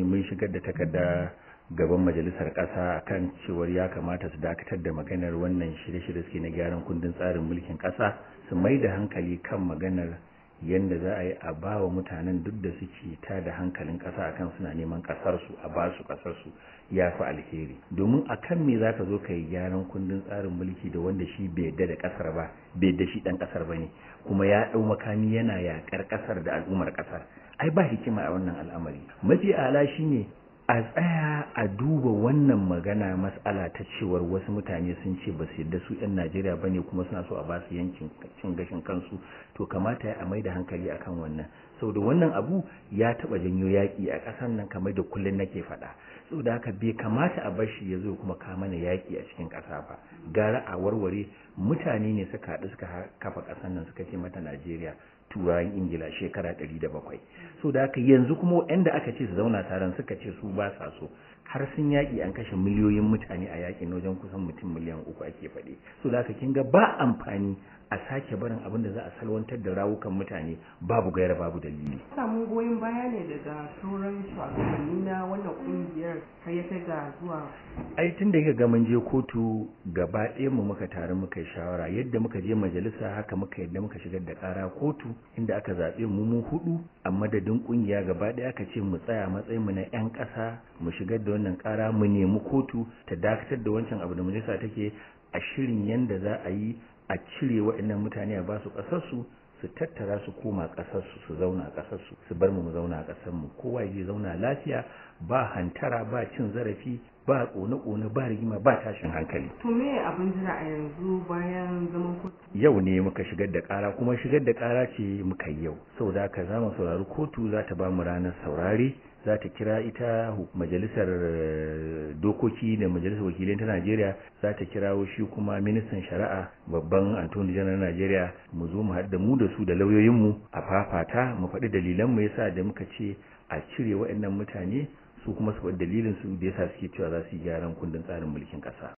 mun shigar da takarda gaban majalisar ƙasa kan cewar ya kamata su dakatar da maganar wannan shirye-shirye suke na gyaran kundin tsarin mulkin ƙasa su mai da hankali kan maganar yadda za a yi a ba wa mutanen duk da suke ta da hankalin ƙasa akan suna neman ƙasarsu a ba su ƙasarsu ya fi alheri domin a kan me za ka zo ka yi gyaran kundin tsarin mulki da wanda shi bai yadda da ƙasar ba bai da shi ɗan ƙasar ba ne kuma ya ɗau makami yana yaƙar ƙasar da al'ummar ƙasar ai ba hikima a wannan al'amari mafi ala shine a tsaya a duba wannan magana mas'ala ta cewar wasu mutane sun ce ba su yarda su 'yan najeriya ba ne kuma suna so a ba su yankin cin gashin kansu to kamata ya mai da hankali akan wannan saboda wannan abu ya taba janyo yaƙi a ƙasar nan kamar da kullum nake faɗa saboda haka bai kamata a bar shi ya zo kuma ka mana yaƙi a cikin ƙasa ba gara a warware mutane ne suka haɗu suka kafa ƙasar nan suka ce mata najeriya turawan ingila shekara 107 so da aka yanzu kuma waɗanda aka ce su zauna taron suka ce su ba sa so har sun yaƙi an kashe miliyoyin mutane a yaƙin wajen kusan mutum miliyan uku ake faɗi so da aka kin ba amfani a sake barin abin da za a salwantar da rawukan mutane babu gaira babu dalili. samu goyon baya ne daga sauran shugabanni na wannan kungiyar kai ya ga zuwa. ai tun da ga gaman je kotu gaba ɗaya mu muka taru muka yi shawara yadda muka je majalisa haka muka yadda muka shigar da ƙara kotu inda aka zaɓe mu mu hudu a madadin ƙungiya gaba ɗaya aka ce mu tsaya matsayin mu na 'yan ƙasa mu shigar da wannan ƙara mu nemi kotu ta dakatar da wancan abu da majalisa take a shirin yadda za a yi a cire waɗannan mutane a ba su ƙasarsu su tattara su koma ƙasarsu su zauna ƙasarsu su bar mu mu zauna a mu kowa ya zauna lafiya ba hantara ba cin zarafi ba ƙone-ƙone ba rigima ba tashin hankali. To me abin jira a yanzu bayan zaman kotu? Yau ne muka shigar da ƙara kuma shigar da ƙara ce muka yi yau. Saboda haka za mu saurari kotu za ta ba mu ranar saurari za ta kira ita majalisar dokoki da majalisar wakilai ta najeriya za ta kirawo shi kuma ministan shari'a babban antoni janar najeriya mu zo mu haɗa mu da su da lauyoyinmu a fafata mu faɗi dalilan mu yasa da muka ce a cire waɗannan mutane su kuma su dalilin su da yasa suke cewa za su yi gyaran kundin tsarin mulkin ƙasa